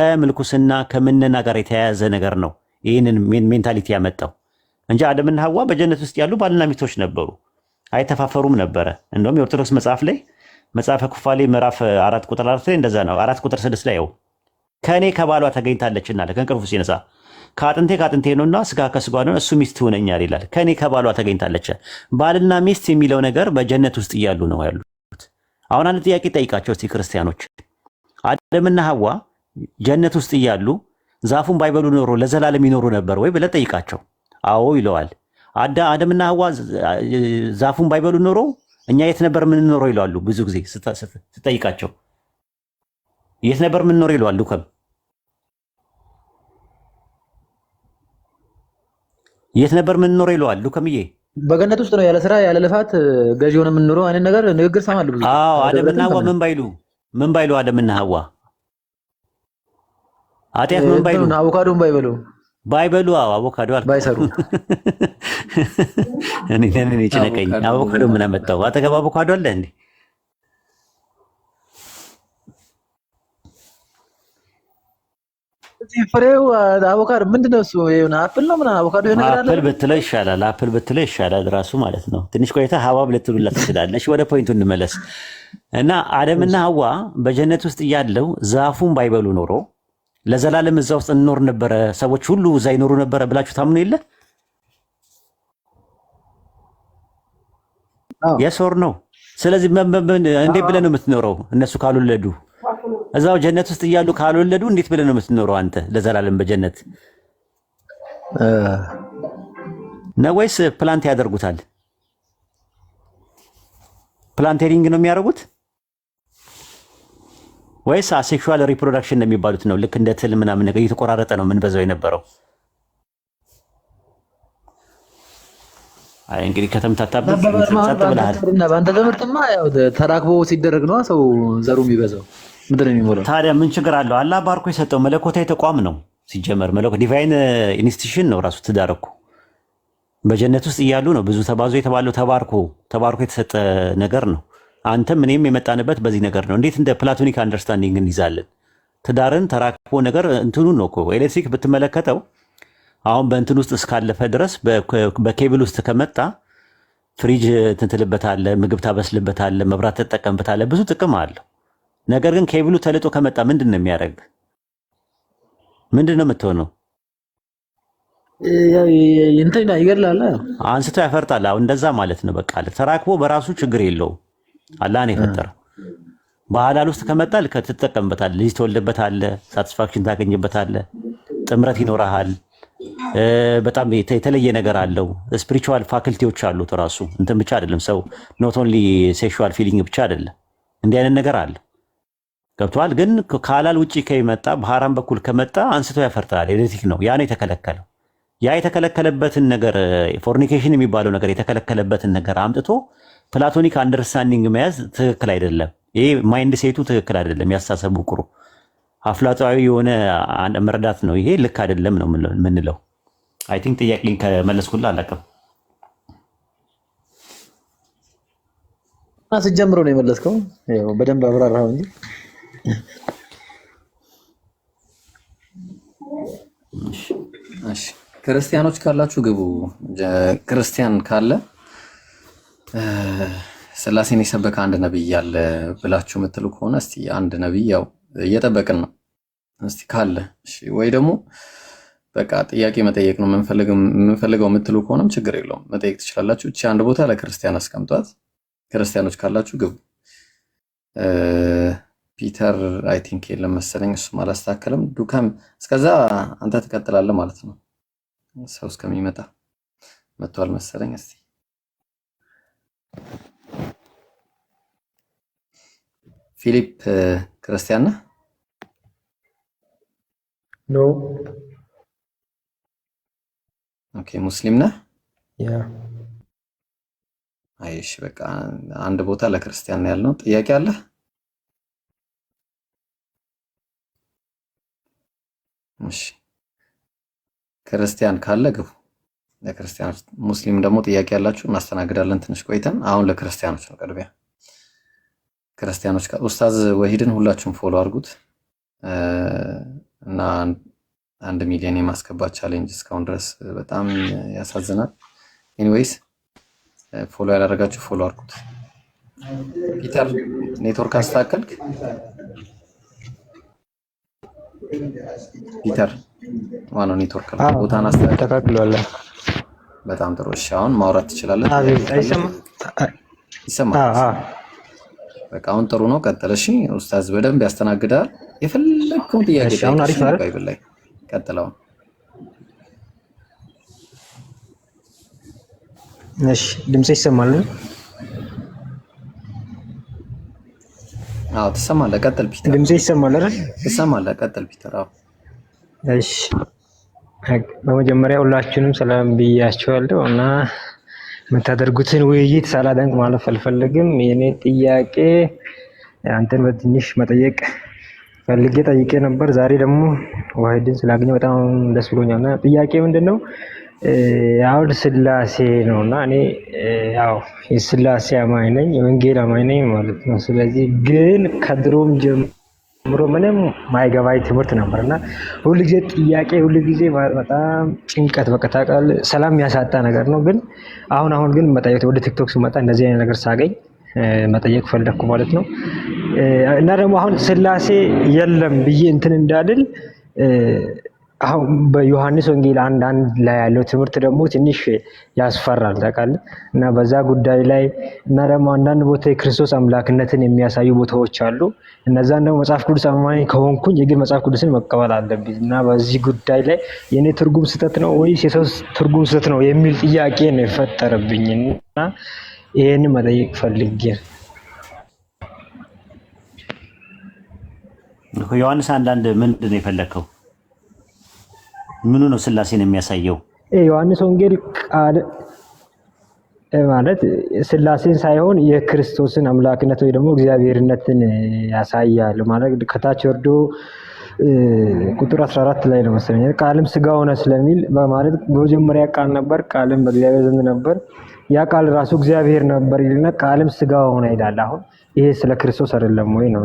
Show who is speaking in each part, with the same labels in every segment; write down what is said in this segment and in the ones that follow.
Speaker 1: ከምልኩስና ከምንና ጋር የተያያዘ ነገር ነው። ይህንን ሜንታሊቲ ያመጣው እንጂ አደምና ሀዋ በጀነት ውስጥ ያሉ ባልና ሚስቶች ነበሩ፣ አይተፋፈሩም ነበረ። እንደውም የኦርቶዶክስ መጽሐፍ ላይ መጽሐፈ ኩፋሌ ምዕራፍ አራት ቁጥር አራት ላይ እንደዛ ነው። አራት ቁጥር ስድስት ላይ ው ከእኔ ከባሏ ተገኝታለችና አለ ከእንቅልፉ ሲነሳ ከአጥንቴ ከአጥንቴ ነውና ስጋ ከስጋ ነው እሱ ሚስት ይሆነኛል ይላል። ከእኔ ከባሏ ተገኝታለች። ባልና ሚስት የሚለው ነገር በጀነት ውስጥ እያሉ ነው ያሉት። አሁን አንድ ጥያቄ ጠይቃቸው እስቲ ክርስቲያኖች አደምና ሀዋ ጀነት ውስጥ እያሉ ዛፉን ባይበሉ ኖሮ ለዘላለም ይኖሩ ነበር ወይ ብለህ ጠይቃቸው። አዎ ይለዋል። አደምና ህዋ ዛፉን ባይበሉ ኖሮ እኛ የት ነበር የምንኖረው ይለዋሉ። ብዙ ጊዜ ስጠይቃቸው የት ነበር የምንኖረው ይለዋሉ። ከም የት ነበር የምንኖረው ይለዋሉ። ከምዬ
Speaker 2: በገነት ውስጥ ነው ያለ ስራ ያለ ልፋት ገዢ ሆነ የምንኖረው አይነት ነገር ንግግር ሰማለሁ።
Speaker 1: አዎ አደምና ህዋ ምን ባይሉ ምን ባይሉ አደምና ህዋ አጥያት ምን ባይሉ
Speaker 2: አቮካዶን ባይበሉ
Speaker 1: ባይበሉ አዎ፣ አቮካዶ አልኩ ባይሰሩ። እኔ ለምን ይጨነቀኝ? አቮካዶ ምን አመጣው? አጠገብ አቮካዶ አለ እንዴ?
Speaker 2: ፍሬው አቮካዶ ምንድን ነው እሱ? አፕል ነው ምናምን አቮካዶ
Speaker 1: የሆነ አለ። አፕል ብትለው ይሻላል፣ አፕል ብትለው ይሻላል ራሱ ማለት ነው። ትንሽ ቆይታ ሀባብ ልትሉላት ትችላለች። ወደ ፖይንቱ እንመለስ እና አደምና ሀዋ በጀነት ውስጥ እያለው ዛፉን ባይበሉ ኖሮ ለዘላለም እዛ ውስጥ እንኖር ነበረ፣ ሰዎች ሁሉ እዛ ይኖሩ ነበረ ብላችሁ ታምኑ የለ የሶር ነው። ስለዚህ እንዴት ብለህ ነው የምትኖረው? እነሱ ካልወለዱ እዛው ጀነት ውስጥ እያሉ ካልወለዱ እንዴት ብለህ ነው የምትኖረው አንተ ለዘላለም በጀነት ነው ወይስ ፕላንት ያደርጉታል? ፕላንቴሪንግ ነው የሚያደርጉት? ወይስ አሴክሹዋል ሪፕሮዳክሽን የሚባሉት ነው? ልክ እንደ ትል ምናምን እየተቆራረጠ ነው ምን በዛው የነበረው። አይ እንግዲህ ከተምታታበት
Speaker 2: ብለሃል። በአንተ ትምህርትማ ያው ተራክቦ ሲደረግ ነዋ ሰው ዘሩ የሚበዛው ምድር የሚሞላው።
Speaker 1: ታዲያ ምን ችግር አለው? አላህ ባርኮ የሰጠው መለኮታዊ ተቋም ነው ሲጀመር። መለኮ ዲቫይን ኢንስቲትዩሽን ነው ራሱ ትዳር እኮ በጀነት ውስጥ እያሉ ነው ብዙ ተባዙ የተባለው ተባርኮ ተባርኮ የተሰጠ ነገር ነው። አንተም እኔም የመጣንበት በዚህ ነገር ነው። እንዴት እንደ ፕላቶኒክ አንደርስታንዲንግ እንይዛለን? ትዳርን ተራክቦ ነገር እንትኑ ነው እኮ ኤሌክትሪክ ብትመለከተው አሁን በእንትን ውስጥ እስካለፈ ድረስ በኬብል ውስጥ ከመጣ ፍሪጅ ትንትልበታለ፣ ምግብ ታበስልበታለ፣ መብራት ትጠቀምበታለ፣ ብዙ ጥቅም አለው። ነገር ግን ኬብሉ ተልጦ ከመጣ ምንድን ነው የሚያደርግ? ምንድን ነው የምትሆነው? ይገላል፣ አንስቶ ያፈርጣል። እንደዛ ማለት ነው። በቃ ተራክቦ በራሱ ችግር የለውም። አላህ ነው የፈጠረው። በሐላል ውስጥ ከመጣ ትጠቀምበታለህ፣ ልጅ ትወልድበታለህ፣ ሳቲስፋክሽን ታገኝበታለ ጥምረት ይኖረሃል። በጣም የተለየ ነገር አለው። ስፒሪቹዋል ፋክልቲዎች አሉት። ራሱ እንትን ብቻ አይደለም ሰው ኖት ኦንሊ ሴክሹዋል ፊሊንግ ብቻ አይደለም። እንዲህ አይነት ነገር አለ። ገብተዋል። ግን ከሐላል ውጪ ከመጣ በሐራም በኩል ከመጣ አንስቶ ያፈርጣል። ኤሌክትሪክ ነው። ያ ነው የተከለከለው። ያ የተከለከለበትን ነገር ፎርኒኬሽን የሚባለው ነገር የተከለከለበትን ነገር አምጥቶ ፕላቶኒክ አንደርስታንዲንግ መያዝ ትክክል አይደለም። ይሄ ማይንድ ሴቱ ትክክል አይደለም። ያሳሰቡ ቁሩ አፍላጣዊ የሆነ መረዳት ነው። ይሄ ልክ አይደለም ነው የምንለው። አይ ቲንክ ጥያቄን ከመለስኩልህ አላውቅም። ስጀምሮ ነው የመለስከው። በደንብ አብራራው እንጂ ክርስቲያኖች ካላችሁ ግቡ። ክርስቲያን ካለ ስላሴን የሰበከ አንድ ነብይ አለ ብላችሁ የምትሉ ከሆነ እስቲ አንድ ነብይ ያው እየጠበቅን ነው። እስቲ ካለ ወይ ደግሞ በቃ ጥያቄ መጠየቅ ነው የምንፈልገው የምትሉ ከሆነም ችግር የለውም መጠየቅ ትችላላችሁ። እቺ አንድ ቦታ ለክርስቲያን አስቀምጧት። ክርስቲያኖች ካላችሁ ግቡ። ፒተር አይ ቲንክ የለም መሰለኝ፣ እሱም አላስተካከልም። ዱካም እስከዛ አንተ ትቀጥላለህ ማለት ነው። ሰው እስከሚመጣ መጥቷል መሰለኝ እስቲ ፊሊፕ ክርስቲያን ነህ? ኖ። ኦኬ ሙስሊም ነህ? ያ። አይሽ በቃ አንድ ቦታ ለክርስቲያን ነው ያልነው። ጥያቄ አለ? እሺ ክርስቲያን ካለ ግቡ። ለክርስቲያኖች ሙስሊም ደግሞ ጥያቄ ያላችሁ እናስተናግዳለን። ትንሽ ቆይተን አሁን ለክርስቲያኖች ነው ቅድሚያ ክርስቲያኖች ጋር ኡስታዝ ወሂድን ሁላችሁም ፎሎ አድርጉት እና አንድ ሚሊዮን የማስገባት ቻሌንጅ እስካሁን ድረስ በጣም ያሳዝናል። ኤኒዌይስ ፎሎ ያላደረጋችሁ ፎሎ አድርጉት። ፒተር ኔትወርክ አስተካከልክ? ፒተር ዋናው ኔትወርክ ቦታን አስተካክሏል። በጣም ጥሩ። እሺ አሁን ማውራት ትችላለህ። ይሰማል በቃ አሁን ጥሩ ነው። ቀጥል። እሺ ኡስታዝ በደንብ ያስተናግዳል። የፈለግከውን ጥያቄ ባይብል ላይ ቀጥለውን። እሺ ድምጽ ይሰማል? አዎ ትሰማለህ። ቀጥል ፒተር። ድምጽ ይሰማል አይደል? ትሰማለህ። ቀጥል ፒተር። አዎ እሺ። በመጀመሪያ ሁላችሁንም ሰላም ብያችኋለሁ እና የምታደርጉትን ውይይት ሳላደንቅ ማለፍ አልፈልግም። የኔ ጥያቄ አንተን በትንሽ መጠየቅ ፈልጌ ጠይቄ ነበር። ዛሬ ደግሞ ዋህድን ስላገኘ በጣም ደስ ብሎኛል። እና ጥያቄ ምንድን ነው? አሁን ስላሴ ነው እና እኔ ያው የስላሴ አማኝ ነኝ፣ የወንጌል አማኝ ነኝ ማለት ነው። ስለዚህ ግን ከድሮም ጀምሮ ጀምሮ ምንም ማይገባኝ ትምህርት ነበር እና ሁልጊዜ ጥያቄ ሁልጊዜ በጣም ጭንቀት በቃ ታውቃለህ፣ ሰላም የሚያሳጣ ነገር ነው። ግን አሁን አሁን ግን መጠየቅ ወደ ቲክቶክ ስመጣ እንደዚህ አይነት ነገር ሳገኝ መጠየቅ ፈለግኩ ማለት ነው። እና ደግሞ አሁን ስላሴ የለም ብዬ እንትን እንዳልል አሁን በዮሐንስ ወንጌል አንድ አንድ ላይ ያለው ትምህርት ደግሞ ትንሽ ያስፈራል ታውቃለህ። እና በዛ ጉዳይ ላይ እና ደግሞ አንዳንድ ቦታ የክርስቶስ አምላክነትን የሚያሳዩ ቦታዎች አሉ። እነዛን ደግሞ መጽሐፍ ቅዱስ አማኝ ከሆንኩኝ የግል መጽሐፍ ቅዱስን መቀበል አለብኝ እና በዚህ ጉዳይ ላይ የእኔ ትርጉም ስህተት ነው ወይስ የሰው ትርጉም ስህተት ነው የሚል ጥያቄ ነው የፈጠረብኝ እና ይህን መጠየቅ ፈልጌ ዮሐንስ አንዳንድ ምንድን ነው የፈለግከው? ምኑ ነው ስላሴን የሚያሳየው? ዮሐንስ ወንጌል ቃል ማለት ስላሴን ሳይሆን የክርስቶስን አምላክነት ወይ ደግሞ እግዚአብሔርነትን ያሳያል። ማለት ከታች ወርዶ ቁጥር 14 ላይ ነው መሰለኝ ቃልም ስጋ ሆነ ስለሚል በማለት በመጀመሪያ ቃል ነበር፣ ቃልም በእግዚአብሔር ዘንድ ነበር፣ ያ ቃል ራሱ እግዚአብሔር ነበር ይልና ቃልም ስጋ ሆነ ይላል። አሁን ይሄ ስለ ክርስቶስ አይደለም ወይ ነው?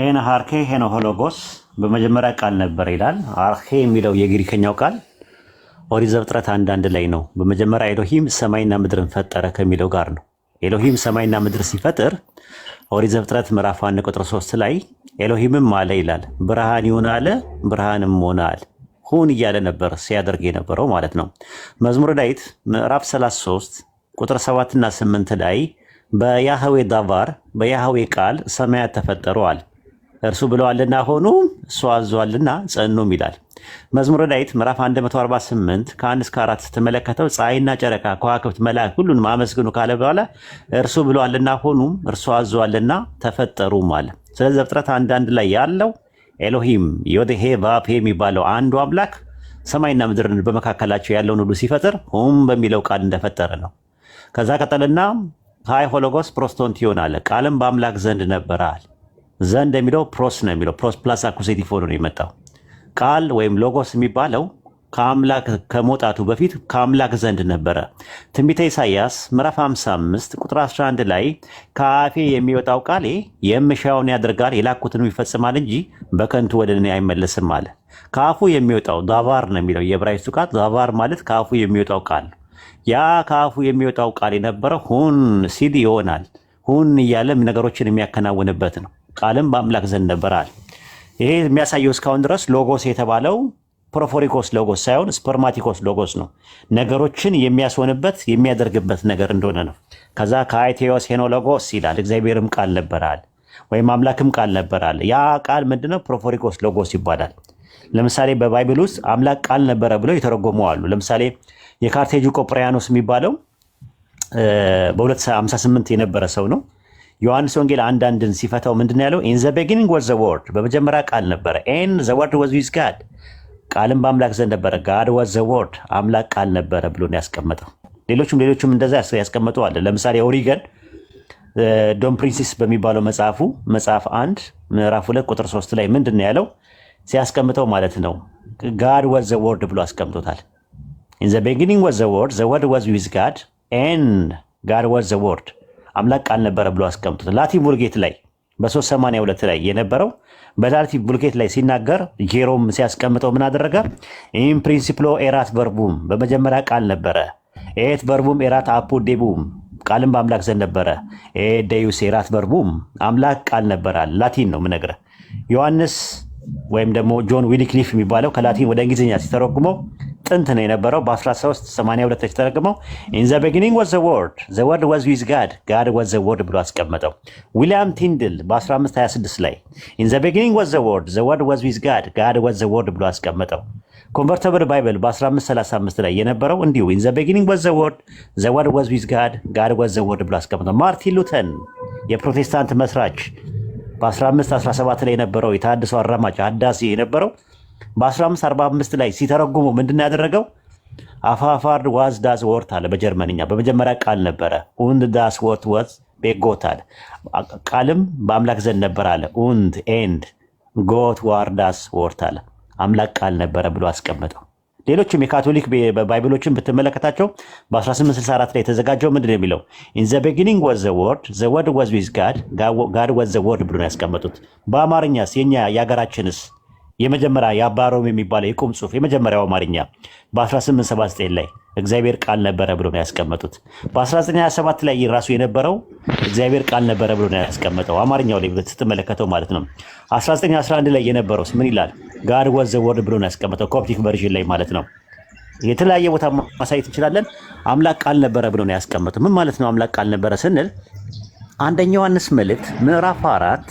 Speaker 1: ሄነ ሃርኬ ሄነ ሆሎጎስ በመጀመሪያ ቃል ነበር ይላል። አርሄ የሚለው የግሪከኛው ቃል ኦሪት ዘፍጥረት አንድ አንድ ላይ ነው። በመጀመሪያ ኤሎሂም ሰማይና ምድርን ፈጠረ ከሚለው ጋር ነው። ኤሎሂም ሰማይና ምድር ሲፈጥር ኦሪት ዘፍጥረት ምዕራፍ አንድ ቁጥር ሶስት ላይ ኤሎሂምም አለ ይላል። ብርሃን ይሁን አለ፣ ብርሃንም ሆነ አለ። ሁን እያለ ነበር ሲያደርግ የነበረው ማለት ነው። መዝሙር ዳዊት ምዕራፍ 33 ቁጥር 7 እና 8 ላይ በያህዌ ዳቫር በያህዌ ቃል ሰማያት ተፈጠሩ አለ። እርሱ ብለዋልና ሆኑ እሱ አዟልና ጸኑም ይላል። መዝሙረ ዳዊት ምዕራፍ 148 ከአንድ እስከ አራት ስትመለከተው ፀሐይና ጨረቃ፣ ከዋክብት፣ መላእክት ሁሉንም አመስግኑ ካለ በኋላ እርሱ ብለዋልና ሆኑም እርሱ አዟልና ተፈጠሩም አለ። ስለዚህ ዘፍጥረት አንዳንድ ላይ ያለው ኤሎሂም ዮድሄ ቫፔ የሚባለው አንዱ አምላክ ሰማይና ምድርን በመካከላቸው ያለውን ሁሉ ሲፈጥር ሁም በሚለው ቃል እንደፈጠረ ነው። ከዛ ቀጠልና ሃይ ሆሎጎስ ፕሮስቶንቲዮን አለ ቃልም በአምላክ ዘንድ ነበረ አለ ዘ እንደሚለው ፕሮስ ነው የሚለው ፕሮስ ፕላስ አኩሴቲቭ ሆኖ ነው የመጣው። ቃል ወይም ሎጎስ የሚባለው ከአምላክ ከመውጣቱ በፊት ከአምላክ ዘንድ ነበረ። ትንቢተ ኢሳይያስ ምዕራፍ 55 ቁጥር 11 ላይ ከአፌ የሚወጣው ቃሌ የምሻውን ያደርጋል የላኩትንም ይፈጽማል እንጂ በከንቱ ወደ እኔ አይመለስም አለ። ከአፉ የሚወጣው ዛቫር ነው የሚለው የዕብራይስጡ ቃል ዛቫር ማለት ከአፉ የሚወጣው ቃል። ያ ከአፉ የሚወጣው ቃል የነበረ ሁን ሲል ይሆናል። ሁን እያለም ነገሮችን የሚያከናውንበት ነው። ቃልም በአምላክ ዘንድ ነበራል። ይሄ የሚያሳየው እስካሁን ድረስ ሎጎስ የተባለው ፕሮፎሪኮስ ሎጎስ ሳይሆን ስፐርማቲኮስ ሎጎስ ነው። ነገሮችን የሚያስሆንበት የሚያደርግበት ነገር እንደሆነ ነው። ከዛ ከአይቴዎስ ሄኖ ሎጎስ ይላል። እግዚአብሔርም ቃል ነበራል ወይም አምላክም ቃል ነበራል። ያ ቃል ምንድነው? ፕሮፎሪኮስ ሎጎስ ይባላል። ለምሳሌ በባይብል ውስጥ አምላክ ቃል ነበረ ብለው የተረጎሙ አሉ። ለምሳሌ የካርቴጁ ቆጵሪያኖስ የሚባለው በ258 የነበረ ሰው ነው። ዮሐንስ ወንጌል አንዳንድን ሲፈታው ምንድን ያለው? ኢን ዘ ቢጊኒንግ ወዝ ዘ ወርድ፣ በመጀመሪያ ቃል ነበረ። ኤን ዘ ወርድ ወዝ ዊዝ ጋድ፣ ቃልም በአምላክ ዘንድ ነበረ። ጋድ ወዝ ዘ ወርድ፣ አምላክ ቃል ነበረ ብሎ ነው ያስቀመጠው። ሌሎቹም ሌሎቹም እንደዛ ያስቀመጡ አለ። ለምሳሌ ኦሪገን ዶን ፕሪንሲስ በሚባለው መጽሐፉ መጽሐፍ አንድ ምዕራፍ ሁለት ቁጥር ሶስት ላይ ምንድን ነው ያለው ሲያስቀምጠው ማለት ነው ጋድ ወዝ ዘ ወርድ ብሎ አስቀምጦታል። ኢን ዘ ቢጊኒንግ ወዝ ዘ ወርድ ዘ ወርድ ወዝ ዊዝ ጋድ ኤን ጋድ ወዝ ዘ ወርድ አምላክ ቃል ነበረ ብሎ አስቀምጡት። ላቲን ቡልጌት ላይ በ382 ላይ የነበረው በላቲ ቡልጌት ላይ ሲናገር ጄሮም ሲያስቀምጠው ምን አደረገ? ኢን ፕሪንሲፕሎ ኤራት ቨርቡም በመጀመሪያ ቃል ነበረ። ኤት ቨርቡም ኤራት አፑ ዴቡም፣ ቃልም በአምላክ ዘንድ ነበረ። ኤ ደዩስ ኤራት ቨርቡም አምላክ ቃል ነበራል። ላቲን ነው ምነግረ ዮሐንስ ወይም ደግሞ ጆን ዊሊክሊፍ የሚባለው ከላቲን ወደ እንግሊዝኛ ሲተረጉመው ጥንት ነው የነበረው። በ1382 ሲተረጉመው ኢን ዘ ወዝ ዘ ወርድ ዘ ወርድ ወዝ ዊዝ ጋድ ጋድ ወዝ ዘ ወርድ ብሎ አስቀመጠው። ዊሊያም ቲንድል በ1526 ላይ ኢን ዘ ወዝ ዘ ወርድ ዘ ወርድ ወዝ ዊዝ ጋድ ጋድ ወዝ ዘ ወርድ ብሎ አስቀመጠው። ኮንቨርተብል ባይብል በ1535 ላይ የነበረው እንዲሁ ኢን ዘ ወዝ ዘ ወርድ ዘ ወርድ ወዝ ዊዝ ጋድ ጋድ ወዝ ዘ ወርድ ብሎ አስቀመጠው። ማርቲን ሉተን የፕሮቴስታንት መስራች በ1517 ላይ የነበረው የተሃድሶ አራማጅ አዳሴ የነበረው በ1545 ላይ ሲተረጉሙ ምንድን ያደረገው አፋፋርድ ዋዝ ዳስ ወርት አለ በጀርመንኛ በመጀመሪያ ቃል ነበረ ኡንድ ዳስ ወርት ወዝ ቤጎት አለ ቃልም በአምላክ ዘንድ ነበር አለ ኡንድ ኤንድ ጎት ዋርዳስ ወርት አለ አምላክ ቃል ነበረ ብሎ አስቀመጠው ሌሎችም የካቶሊክ ባይብሎችን ብትመለከታቸው በ1864 ላይ የተዘጋጀው ምንድን ነው የሚለው ኢን ዘ ቢጊኒንግ ወዝ ዘ ወርድ ዘ ወርድ ወዝ ዊዝ ጋድ ጋድ ወዝ ዘ ወርድ ብሎ ያስቀመጡት። በአማርኛስ የኛ የሀገራችንስ የመጀመሪያ የአባሮም የሚባለው የቁም ጽሁፍ የመጀመሪያው አማርኛ በ1879 ላይ እግዚአብሔር ቃል ነበረ ብሎ ነው ያስቀመጡት። በ1927 ላይ ራሱ የነበረው እግዚአብሔር ቃል ነበረ ብሎ ነው ያስቀመጠው አማርኛው ላይ ስትመለከተው ማለት ነው። 1911 ላይ የነበረው ምን ይላል? ጋድ ወዘ ወርድ ብሎ ነው ያስቀመጠው ኮፕቲክ ቨርዥን ላይ ማለት ነው። የተለያየ ቦታ ማሳየት እንችላለን። አምላክ ቃል ነበረ ብሎ ነው ያስቀመጠው። ምን ማለት ነው አምላክ ቃል ነበረ ስንል አንደኛው ዮሐንስ መልእክት ምዕራፍ አራት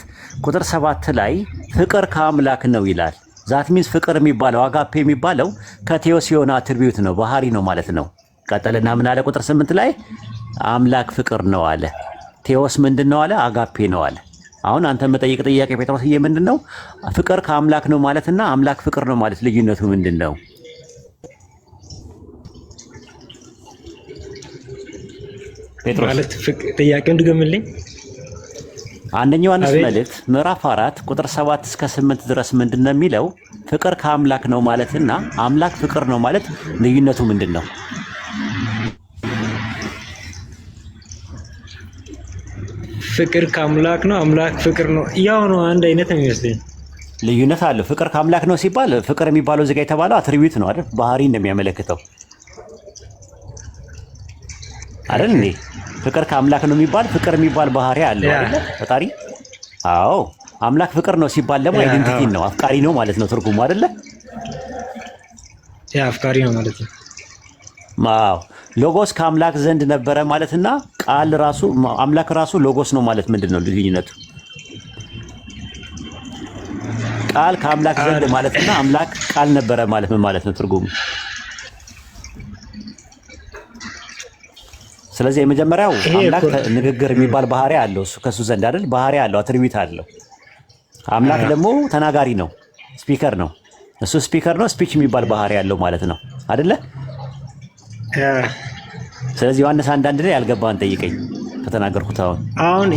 Speaker 1: ቁጥር ሰባት ላይ ፍቅር ከአምላክ ነው ይላል። ዛት ሚንስ ፍቅር የሚባለው አጋፔ የሚባለው ከቴዎስ የሆነ አትሪቢዩት ነው፣ ባህሪ ነው ማለት ነው። ቀጠልና ምን አለ? ቁጥር ስምንት ላይ አምላክ ፍቅር ነው አለ። ቴዎስ ምንድን ነው አለ? አጋፔ ነው አለ። አሁን አንተ መጠየቅ ጥያቄ ዬ ምንድን ነው ፍቅር ከአምላክ ነው ማለትና አምላክ ፍቅር ነው ማለት ልዩነቱ ምንድን ነው? ጴጥሮስ ማለት ጥያቄ እንድገምልኝ አንደኛ ዮሐንስ መልእክት ምዕራፍ አራት ቁጥር ሰባት እስከ ስምንት ድረስ ምንድን ነው የሚለው? ፍቅር ከአምላክ ነው ማለት እና አምላክ ፍቅር ነው ማለት ልዩነቱ ምንድን ነው? ፍቅር ከአምላክ ነው፣ አምላክ ፍቅር ነው። ያው ነው፣ አንድ አይነት ነው የሚመስለኝ። ልዩነት አለው። ፍቅር ከአምላክ ነው ሲባል ፍቅር የሚባለው እዚህ የተባለው አትሪቢዩት ነው አይደል? ባህሪ እንደሚያመለክተው አይደል እንዴ? ፍቅር ከአምላክ ነው የሚባል ፍቅር የሚባል ባህሪ አለው አይደለ? ፈጣሪ አዎ፣ አምላክ ፍቅር ነው ሲባል ደግሞ አይደንቲቲ ነው አፍቃሪ ነው ማለት ነው ትርጉሙ አይደለ? ያ አፍቃሪ ነው ማለት ነው። አዎ ሎጎስ ከአምላክ ዘንድ ነበረ ማለትና ቃል ራሱ አምላክ ራሱ ሎጎስ ነው ማለት ምንድን ነው ልዩነቱ? ቃል ከአምላክ ዘንድ ማለትና አምላክ ቃል ነበረ ማለት ምን ማለት ነው ትርጉሙ? ስለዚህ የመጀመሪያው አምላክ ንግግር የሚባል ባህሪ አለው። እሱ ከሱ ዘንድ አይደል ባህሪ አለው፣ አትሪቢት አለው። አምላክ ደግሞ ተናጋሪ ነው፣ ስፒከር ነው። እሱ ስፒከር ነው፣ ስፒች የሚባል ባህሪ አለው ማለት ነው አይደለ? ስለዚህ ዮሐንስ አንዳንድ ላይ ያልገባህን ጠይቀኝ ከተናገርኩት። አሁን አሁን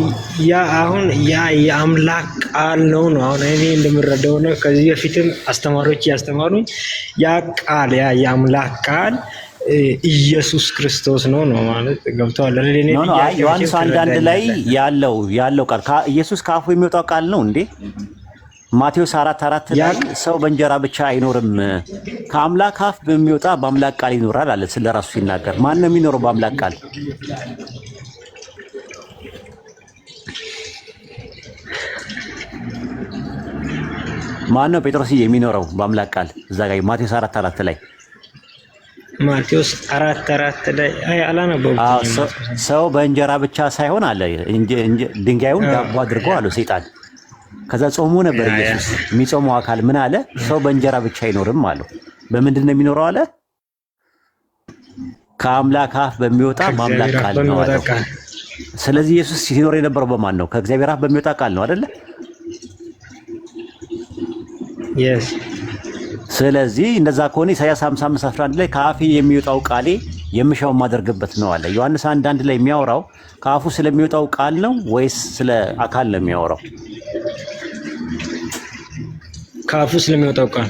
Speaker 1: ያ አሁን ያ የአምላክ ቃል ነው ነው አሁን እኔ እንደምረዳው ነው። ከዚህ በፊትም አስተማሪዎች ያስተማሩኝ ያ ቃል ያ የአምላክ ቃል ኢየሱስ ክርስቶስ ነው ነው ማለት ገብተዋል። ዮሐንስ አንድ አንድ ላይ ያለው ያለው ቃል ኢየሱስ ከአፉ የሚወጣው ቃል ነው እንዴ? ማቴዎስ አራት አራት ላይ ሰው በእንጀራ ብቻ አይኖርም ከአምላክ አፍ በሚወጣ በአምላክ ቃል ይኖራል አለ። ስለ ራሱ ሲናገር ማን ነው የሚኖረው በአምላክ ቃል? ማን ነው ጴጥሮስ የሚኖረው በአምላክ ቃል? እዛ ጋ ማቴዎስ አራት አራት ላይ ማቴዎስ አራት አራት ላይ አይ አላነበብኩም። ሰው በእንጀራ ብቻ ሳይሆን አለ ድንጋዩን ዳቦ አድርጎ አለው ሰይጣን። ከዛ ጾሙ ነበር ኢየሱስ። የሚጾመው አካል ምን አለ? ሰው በእንጀራ ብቻ አይኖርም አለው። በምንድን ነው የሚኖረው አለ? ከአምላክ አፍ በሚወጣ ማምላክ ቃል ነው አለ ስለዚህ ኢየሱስ ሲኖር የነበረው በማን ነው? ከእግዚአብሔር አፍ በሚወጣ ቃል ነው አይደለ? ስለዚህ እንደዛ ከሆነ ኢሳያስ 55 11 ላይ ከአፍ የሚወጣው ቃሌ የምሻው ማደርገበት ነው አለ። ዮሐንስ አንድ አንድ ላይ የሚያወራው ከአፉ ስለሚወጣው ቃል ነው ወይስ ስለ አካል ነው የሚያወራው? ከአፉ ስለሚወጣው ቃል።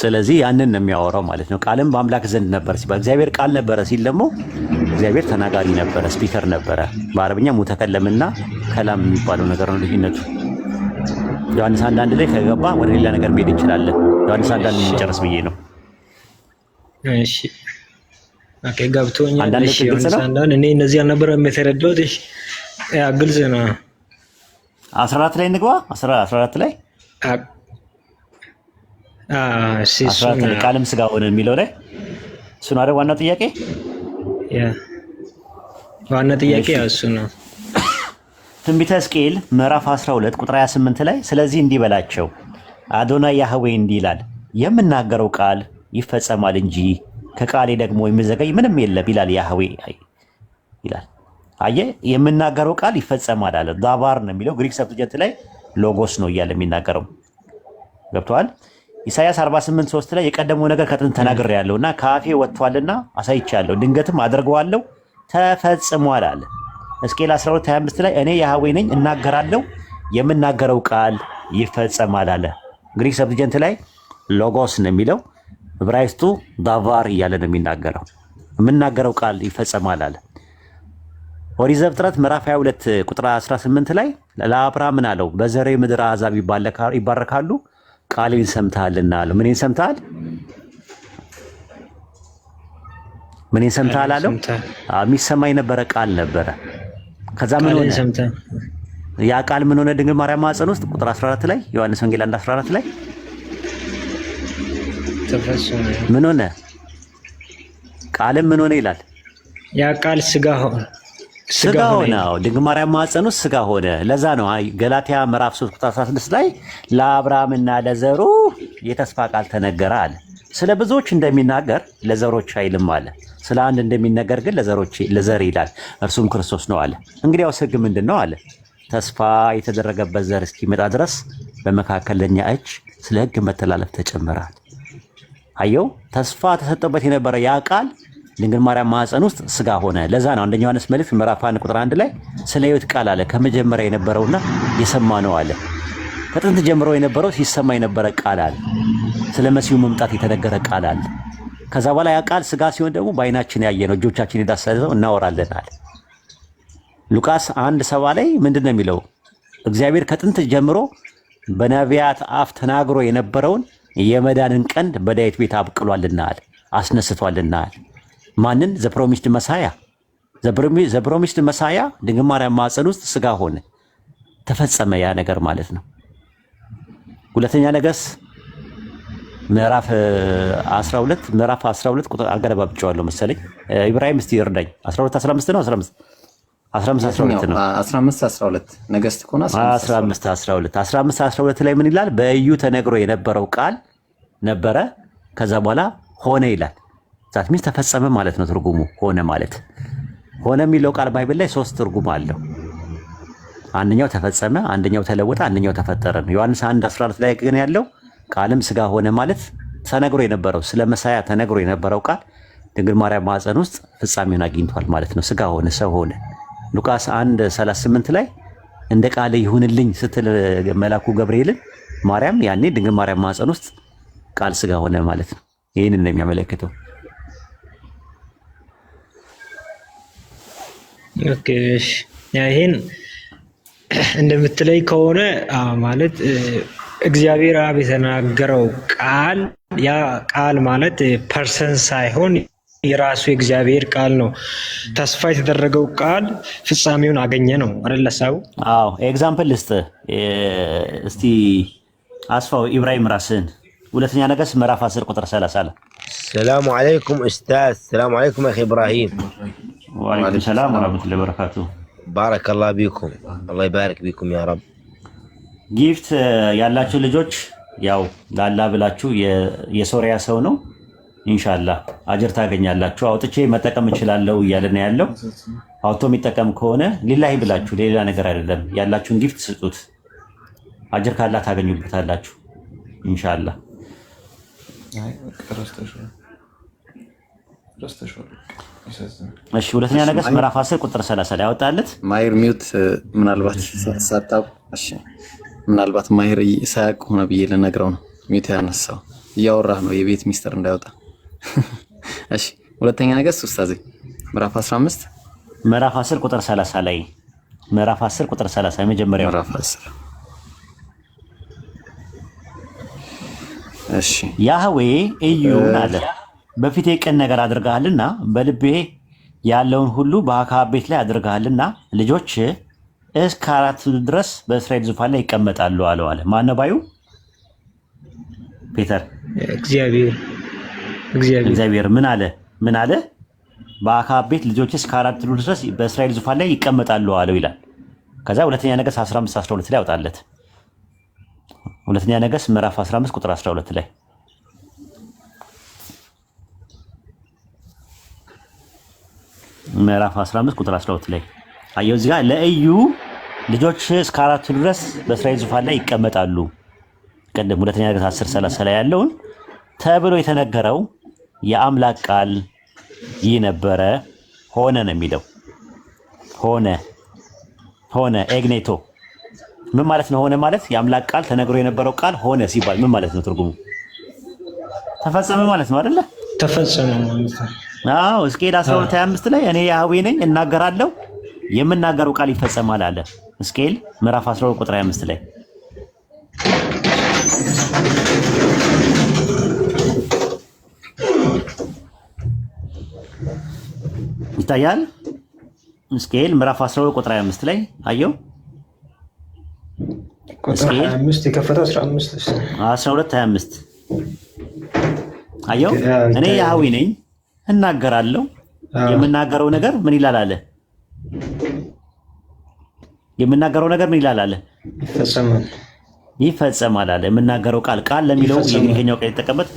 Speaker 1: ስለዚህ ያንን ነው የሚያወራው ማለት ነው። ቃልም በአምላክ ዘንድ ነበር ሲባል እግዚአብሔር ቃል ነበረ ሲል ደግሞ እግዚአብሔር ተናጋሪ ነበረ፣ ስፒከር ነበረ። በአረብኛ ሙተከለምና ከላም የሚባለው ነገር ነው ልዩነቱ። ዮሐንስ አንዳንድ ላይ ከገባ ወደ ሌላ ነገር መሄድ እንችላለን። ዮሐንስ አንዳንድ እንጨርስ ብዬ ነው። እሺ ኦኬ፣ ገብቶኛል። እሺ ዮሐንስ እኔ እነዚህ አልነበረም የተረዳሁት። እሺ ያ ግልጽ ነው። 14 ላይ እንግባ። 14 ላይ ቃልም ስጋ ሆነ የሚለው ላይ እሱ ነው አይደል? ዋናው ጥያቄ ዋና ጥያቄ እሱ ነው። ትንቢተ ሕዝቅኤል ምዕራፍ 12 ቁጥር 28 ላይ ስለዚህ እንዲህ በላቸው፣ አዶናይ ያህዌ እንዲህ ይላል የምናገረው ቃል ይፈጸማል እንጂ ከቃሌ ደግሞ የሚዘገይ ምንም የለም ይላል ያህዌ ይላል። አየ የምናገረው ቃል ይፈጸማል አለ። ዳባር ነው የሚለው ግሪክ ሰብትጀንት ላይ ሎጎስ ነው እያለ የሚናገረው ገብተዋል። ኢሳያስ 48 3 ላይ የቀደመው ነገር ከጥንት ተናግሬ ያለውና ከአፌ ወጥቷልና አሳይቻለሁ፣ ድንገትም አድርገዋለሁ ተፈጽሟል አለ። ሕዝቅኤል 12:25 ላይ እኔ ያህዌ ነኝ እናገራለሁ፣ የምናገረው ቃል ይፈጸማል አለ። ግሪክ ሰብጀንት ላይ ሎጎስ ነው የሚለው፣ ዕብራይስጡ ዳቫር እያለ ነው የሚናገረው። የምናገረው ቃል ይፈጸማል አለ። ኦሪት ዘፍጥረት ምዕራፍ 22 ቁጥር 18 ላይ ለአብርሃም ምን አለው? በዘሬ ምድር አሕዛብ ይባረካሉ ቃሌን ሰምተሃልና አለው። ምኔን ሰምተሃል? ምኔን ሰምተሃል አለው። የሚሰማኝ ነበረ ቃል ነበረ ከዛ ምን ሆነ ያ ቃል ምን ሆነ? ድንግል ማርያም ማህፀን ውስጥ ቁጥር 14 ላይ ዮሐንስ ወንጌል 1 14 ላይ ምን ሆነ? ቃልም ምን ሆነ ይላል። ያ ቃል ስጋ ሆነ፣ ስጋ ሆነ። ድንግል ማርያም ማህፀን ውስጥ ስጋ ሆነ። ለዛ ነው ገላትያ ምዕራፍ 3 ቁጥር 16 ላይ ለአብርሃምና ለዘሩ የተስፋ ቃል ተነገረ አለ። ስለ ብዙዎች እንደሚናገር ለዘሮች አይልም አለ። ስለ አንድ እንደሚናገር ግን ለዘሮች ለዘር ይላል፣ እርሱም ክርስቶስ ነው አለ። እንግዲያውስ ሕግ ምንድን ነው አለ? ተስፋ የተደረገበት ዘር እስኪመጣ ድረስ በመካከለኛ እጅ ስለ ሕግ መተላለፍ ተጨምራል። አየው ተስፋ ተሰጠበት የነበረ ያ ቃል ድንግል ማርያም ማኅፀን ውስጥ ስጋ ሆነ። ለዛ ነው አንደኛ ዮሐንስ መልእክት ምዕራፍ አንድ ቁጥር አንድ ላይ ስለ ህይወት ቃል አለ ከመጀመሪያ የነበረውና የሰማ ነው አለ። ከጥንት ጀምሮ የነበረው ሲሰማ የነበረ ቃል አለ። ስለ መሲሁ መምጣት የተነገረ ቃል አለ። ከዛ በኋላ ያ ቃል ስጋ ሲሆን ደግሞ በአይናችን ያየ ነው እጆቻችን የዳሰሰው እናወራለን አለ። ሉቃስ አንድ ሰባ ላይ ምንድን ነው የሚለው? እግዚአብሔር ከጥንት ጀምሮ በነቢያት አፍ ተናግሮ የነበረውን የመዳንን ቀንድ በዳዊት ቤት አብቅሏልና አለ፣ አስነስቷልና አለ። ማንን? ዘፕሮሚስድ መሳያ ዘፕሮሚስድ መሳያ ድንግል ማርያም ማኅፀን ውስጥ ስጋ ሆነ፣ ተፈጸመ ያ ነገር ማለት ነው። ሁለተኛ ነገስ ምዕራፍ 12 ምዕራፍ 12 ቁጥር አገለባብጨዋለሁ መሰለኝ። ኢብራሂም እስቲ እርዳኝ። 12 15 ነው 15 15 ላይ ምን ይላል? በእዩ ተነግሮ የነበረው ቃል ነበረ፣ ከዛ በኋላ ሆነ ይላል። ዛት ሚንስ ተፈጸመ ማለት ነው ትርጉሙ። ሆነ ማለት ሆነ የሚለው ቃል ባይብል ላይ ሶስት ትርጉም አለው። አንደኛው ተፈጸመ፣ አንደኛው ተለወጠ፣ አንደኛው ተፈጠረ ነው። ዮሐንስ 1 14 ላይ ግን ያለው ቃልም ስጋ ሆነ ማለት ተነግሮ የነበረው ስለ መሳያ ተነግሮ የነበረው ቃል ድንግል ማርያም ማህፀን ውስጥ ፍጻሜውን አግኝቷል ማለት ነው። ስጋ ሆነ፣ ሰው ሆነ። ሉቃስ 1 38 ላይ እንደ ቃል ይሁንልኝ ስትል መላኩ ገብርኤልን ማርያም ያኔ ድንግል ማርያም ማዕፀን ውስጥ ቃል ስጋ ሆነ ማለት ነው። ይህንን ነው የሚያመለክተው። ይህን እንደምትለይ ከሆነ ማለት እግዚአብሔር አብ የተናገረው ቃል ያ ቃል ማለት ፐርሰን ሳይሆን የራሱ የእግዚአብሔር ቃል ነው። ተስፋ የተደረገው ቃል ፍጻሜውን አገኘ ነው አይደል? አዎ ኤግዛምፕል ልስጥ እስቲ አስፋው ኢብራሂም ራስን ሁለተኛ ነገሥት ምዕራፍ 10 ቁጥር 30 ሰላሙ አለይኩም ኡስታዝ፣ ሰላሙ አለይኩም አኺ ኢብራሂም። ወአለይኩም ሰላም ወራህመቱላሂ ወበረካቱ። ባረከላሁ ቢኩም አላህ ይባረክ ቢኩም ያ ረብ ጊፍት ያላችሁ ልጆች ያው ላላ ብላችሁ የሶሪያ ሰው ነው እንሻላ አጀር ታገኛላችሁ። አውጥቼ መጠቀም እችላለሁ እያለ ነው ያለው። አውቶ የሚጠቀም ከሆነ ሊላሂ ብላችሁ ሌላ ነገር አይደለም። ያላችሁን ጊፍት ስጡት፣ አጀር ካላ ታገኙበታላችሁ እንሻላ። እሺ ሁለተኛ ነገስ ምዕራፍ 10 ቁጥር 30 ላይ ያወጣለት ማይር ሚውት ምናልባት ሳታው እሺ ምናልባት ማሄር ሳያቅ ሆነ ብዬ ልነግረው ነው ሚት ያነሳው። እያወራህ ነው የቤት ሚስጥር እንዳይወጣ። እሺ ሁለተኛ ነገሥት ኡስታዜ ምዕራፍ 15 ምዕራፍ 10 ቁጥር 30 ላይ ምዕራፍ 10 ቁጥር 30 የመጀመሪያው ምዕራፍ 10 እሺ ያህዌ ኢዩን አለ በፊቴ ቅን ነገር አድርገሃልና በልቤ ያለውን ሁሉ በአክዓብ ቤት ላይ አድርገሃልና ልጆች እስከ አራት ድረስ በእስራኤል ዙፋን ላይ ይቀመጣሉ አለው አለ። ማነው ባዩ? ፔተር እግዚአብሔር። ምን አለ? ምን አለ? በአክዓብ ቤት ልጆች እስከ አራት ድረስ በእስራኤል ዙፋን ላይ ይቀመጣሉ አለው ይላል። ከዛ ሁለተኛ ነገሥት 15 12 ላይ ያውጣለት። ሁለተኛ ነገሥት ምዕራፍ 15 ቁጥር 12 ላይ ምዕራፍ 15 ቁጥር 12 ላይ አየው እዚህ ጋር ለእዩ ልጆች እስከ አራቱ ድረስ በእስራኤል ዙፋን ላይ ይቀመጣሉ። ቅድም ሁለተኛ ነገሥት አስር ሰላሳ ላይ ያለውን ተብሎ የተነገረው የአምላክ ቃል ይህ ነበረ ሆነ ነው የሚለው። ሆነ ሆነ ኤግኔቶ ምን ማለት ነው? ሆነ ማለት የአምላክ ቃል ተነግሮ የነበረው ቃል ሆነ ሲባል ምን ማለት ነው? ትርጉሙ ተፈጸመ ማለት ነው አይደለ? ተፈጸመ ማለት ነው። አዎ ሕዝቅኤል 12 ላይ እኔ ያህዌ ነኝ እናገራለሁ፣ የምናገረው ቃል ይፈጸማል አለ። ሕዝቅኤል ምዕራፍ 12 ቁጥር 25 ላይ ይታያል። ሕዝቅኤል ምዕራፍ 12 ቁጥር 25 ላይ አየው። ቁጥር አየው። እኔ ያህዊ ነኝ እናገራለሁ፣ የምናገረው ነገር ምን ይላል አለ የምናገረው ነገር ምን ይላል አለ ይፈጸማል አለ። የምናገረው ቃል ቃል ለሚለው የግሪከኛው ቃል የተጠቀመበት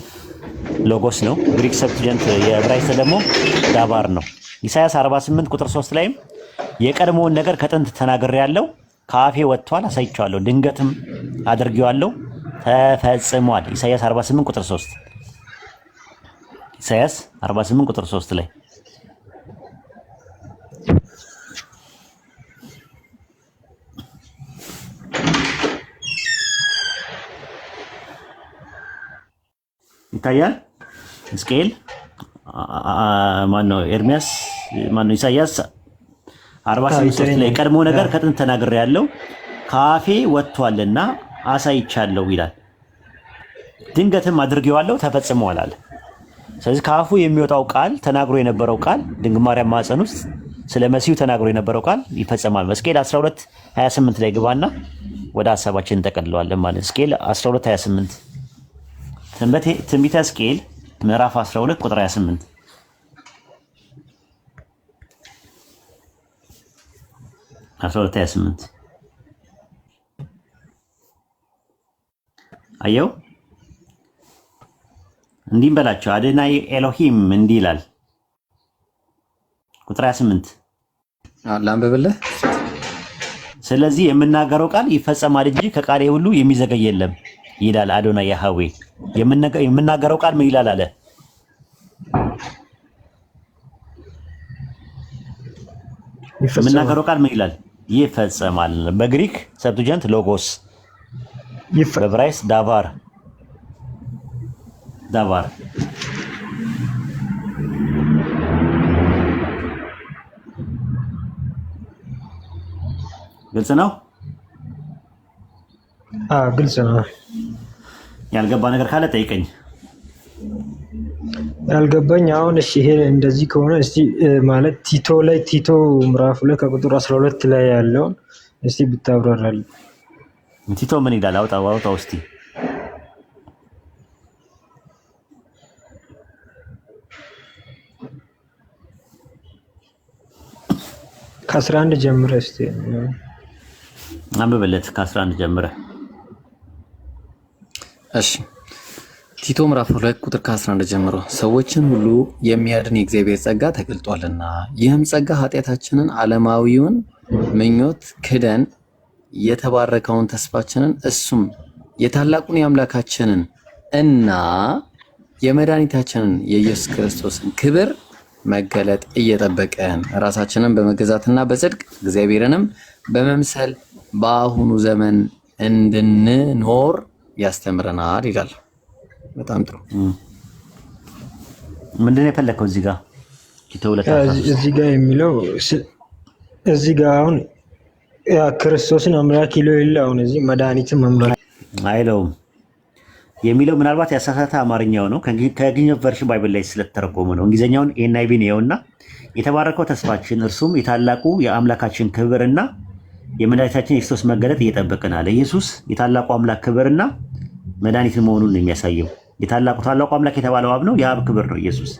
Speaker 1: ሎጎስ ነው። ግሪክ ሰብትጀንት የዕብራይስጥ ደግሞ ዳባር ነው። ኢሳያስ 48 ቁጥር 3 ላይም የቀድሞውን ነገር ከጥንት ተናግሬ ያለው ከአፌ ወጥቷል፣ አሳይቸዋለሁ ድንገትም አድርጌዋለሁ፣ ተፈጽሟል። ኢሳያስ 48 ቁጥር 3 ኢሳያስ 48 ቁጥር 3 ላይ ይታያል። ሕዝቅኤል ማነው? ኤርሚያስ ማነው? ኢሳያስ አርባ ስምንት ላይ ቀድሞ ነገር ከጥንት ተናግሬ ያለው ከአፌ ወጥቷልና አሳይቻለሁ ይላል። ድንገትም አድርጌዋለሁ ተፈጽመዋል አለ። ስለዚህ ከአፉ የሚወጣው ቃል ተናግሮ የነበረው ቃል ድንግል ማርያም ማኅፀን ውስጥ ስለ መሲሁ ተናግሮ የነበረው ቃል ይፈጸማል። ሕዝቅኤል 12 28 ላይ ግባና ወደ ሀሳባችን እንጠቀልለዋለን ማለት ስኬል 12 28 ትንቢተ ስኬል ምዕራፍ 12 ቁጥር 28 12 28 አየው እንዲህ በላቸው አድናይ ኤሎሂም እንዲህ ይላል ቁጥር 28 ላንብብልህ ስለዚህ የምናገረው ቃል ይፈጸማል እንጂ ከቃሌ ሁሉ የሚዘገይ የለም ይላል አዶና ያህዌ። የምናገረው ቃል ምን ይላል አለ የምናገረው ቃል ምን ይላል? ይፈጸማል። በግሪክ ሰብቱጀንት ሎጎስ፣ በዕብራይስጥ ዳቫር ዳቫር ግልጽ ነው፣ ግልጽ ነው። ያልገባ ነገር ካለ ጠይቀኝ። ያልገባኝ አሁን እሺ፣ ይሄ እንደዚህ ከሆነ እስቲ ማለት ቲቶ ላይ ቲቶ ምዕራፍ ላይ ከቁጥር 12 ላይ ያለውን እስቲ ብታብራራል። ቲቶ ምን ይላል? አውጣ አውጣ እስቲ ከ11 ጀምረ እስቲ አንብበለት ከ11 ጀምረ። እሺ ቲቶ ምዕራፍ ሁለት ቁጥር ከ11 ጀምሮ ሰዎችን ሁሉ የሚያድን የእግዚአብሔር ጸጋ ተገልጧልና ይህም ጸጋ ኃጢአታችንን፣ ዓለማዊውን ምኞት ክደን የተባረከውን ተስፋችንን እሱም የታላቁን የአምላካችንን እና የመድኃኒታችንን የኢየሱስ ክርስቶስን ክብር መገለጥ እየጠበቀን ራሳችንን በመገዛትና በጽድቅ እግዚአብሔርንም በመምሰል በአሁኑ ዘመን እንድንኖር ያስተምረናል ይላል። በጣም ጥሩ። ምንድን ነው የፈለግከው እዚህ ጋር እዚህ ጋር የሚለው እዚህ ጋር አሁን ክርስቶስን አምላክ ይለው የለ አሁን እዚህ መድኃኒትን አምላክ አይለውም የሚለው ምናልባት ያሳሳተ አማርኛው ነው። ከግኝት ቨርሽን ባይብል ላይ ስለተተረጎመ ነው። እንግሊዝኛውን ኤንአይቪ ነው እና የተባረከው ተስፋችን እርሱም የታላቁ የአምላካችን ክብርና የመድኃኒታችን የክርስቶስ መገለጥ እየጠበቅን አለ። ኢየሱስ የታላቁ አምላክ ክብርና መድኃኒት መሆኑን ነው የሚያሳየው። የታላቁ ታላቁ አምላክ የተባለው አብ ነው፣ የአብ ክብር ነው ኢየሱስ።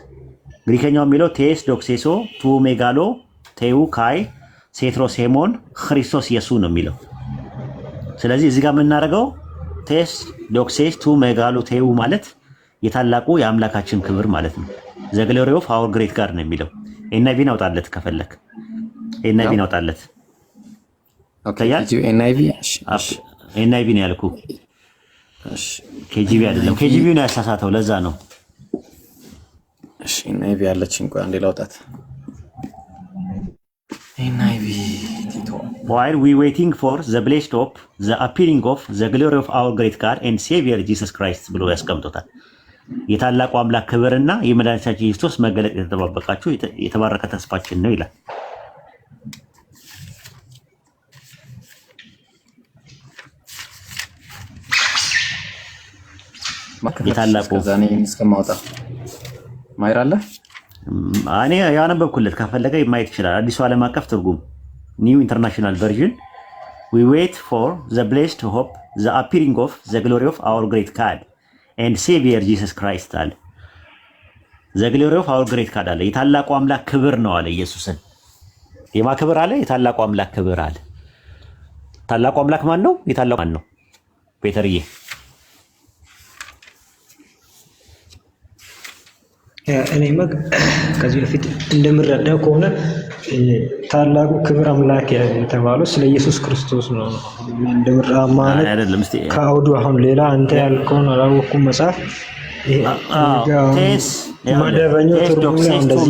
Speaker 1: ግሪከኛው የሚለው ቴስ ዶክሴሶ ቱ ሜጋሎ ቴዩ ካይ ሴትሮስ ሄሞን ክርስቶስ የሱ ነው የሚለው። ስለዚህ እዚህ ጋር የምናደርገው ቴስ ዶክሴስ ቱ ሜጋሎ ቴዩ ማለት የታላቁ የአምላካችን ክብር ማለት ነው። ዘግሎሪ ኦፍ አወር ግሬት ጋድ ነው የሚለው። ኤንአይቪን አውጣለት ከፈለክ ኤንአይቪን አውጣለት። ኤንአይቪ ነው ያልኩ ኬጂቢ አይደለም። ኬጂቢ ነው ያሳሳተው። ለዛ ነው ኤንአይቪ ያለች። እንኳን አንዴ ላውጣት። ኤንአይቪ ዋይል ዊ ዌይቲንግ ፎር ዘ ብሌስድ ሆፕ ዘ አፒሪንግ ኦፍ ዘ ግሎሪ ኦፍ አወር ግሬት ጋድ ኤንድ ሴቪየር ጂሰስ ክራይስት ብሎ ያስቀምጦታል። የታላቁ አምላክ ክብርና የመድኃኒታችን ኢየሱስ መገለጥ የተጠባበቃችሁ የተባረከ ተስፋችን ነው ይላል። የታላቁ ማይር አለ እኔ ያነበብኩለት ከፈለገ ማየት ይችላል። አዲሱ ዓለም አቀፍ ትርጉም ኒው ኢንተርናሽናል ቨርዥን ዊ ዌት ፎር ዘ ብሌስድ ሆፕ ዘ አፒሪንግ ኦፍ ዘ ግሎሪ ኦፍ አወር ግሬት ካድ ኤንድ ሴቪየር ጂሰስ ክራይስት አለ። ዘ ግሎሪ ኦፍ አወር ግሬት ካድ አለ። የታላቁ አምላክ ክብር ነው አለ። ኢየሱስን የማ ክብር አለ? የታላቁ አምላክ ክብር አለ። ታላቁ አምላክ ማን ነው? የታላቁ ማን ነው? እኔ መግ ከዚህ በፊት እንደምረዳው ከሆነ ታላቁ ክብር አምላክ የተባለው ስለ ኢየሱስ ክርስቶስ ነው። እንደምራ ማለት ከአውዱ አሁን ሌላ አንተ ያልከውን አላወኩም። መጽሐፍ መደበኛው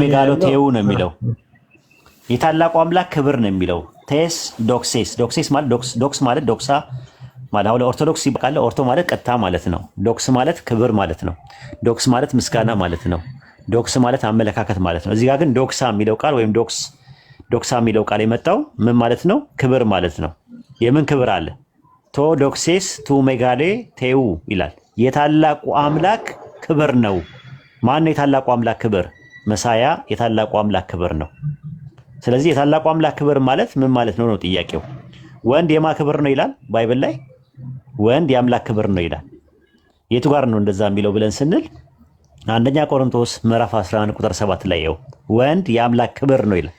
Speaker 1: ሜጋሎቴው ነው የሚለው የታላቁ አምላክ ክብር ነው የሚለው ቴስ ዶክሴስ ዶክሴስ ማለት ዶክስ ማለት ዶክሳ ማለት አሁን ኦርቶዶክስ ይበቃል። ኦርቶ ማለት ቀጥታ ማለት ነው። ዶክስ ማለት ክብር ማለት ነው። ዶክስ ማለት ምስጋና ማለት ነው። ዶክስ ማለት አመለካከት ማለት ነው። እዚህ ጋር ግን ዶክሳ የሚለው ቃል ወይም ዶክስ ዶክሳ የሚለው ቃል የመጣው ምን ማለት ነው? ክብር ማለት ነው። የምን ክብር አለ? ቶ ዶክሴስ ቱ ሜጋሌ ቴው ይላል። የታላቁ አምላክ ክብር ነው። ማን ነው የታላቁ አምላክ ክብር? መሳያ የታላቁ አምላክ ክብር ነው። ስለዚህ የታላቁ አምላክ ክብር ማለት ምን ማለት ነው ነው ጥያቄው። ወንድ የማ ክብር ነው ይላል ባይብል ላይ ወንድ የአምላክ ክብር ነው ይላል። የቱ ጋር ነው እንደዛ የሚለው ብለን ስንል አንደኛ ቆሮንቶስ ምዕራፍ 11 ቁጥር 7 ላይ ይኸው ወንድ የአምላክ ክብር ነው ይላል።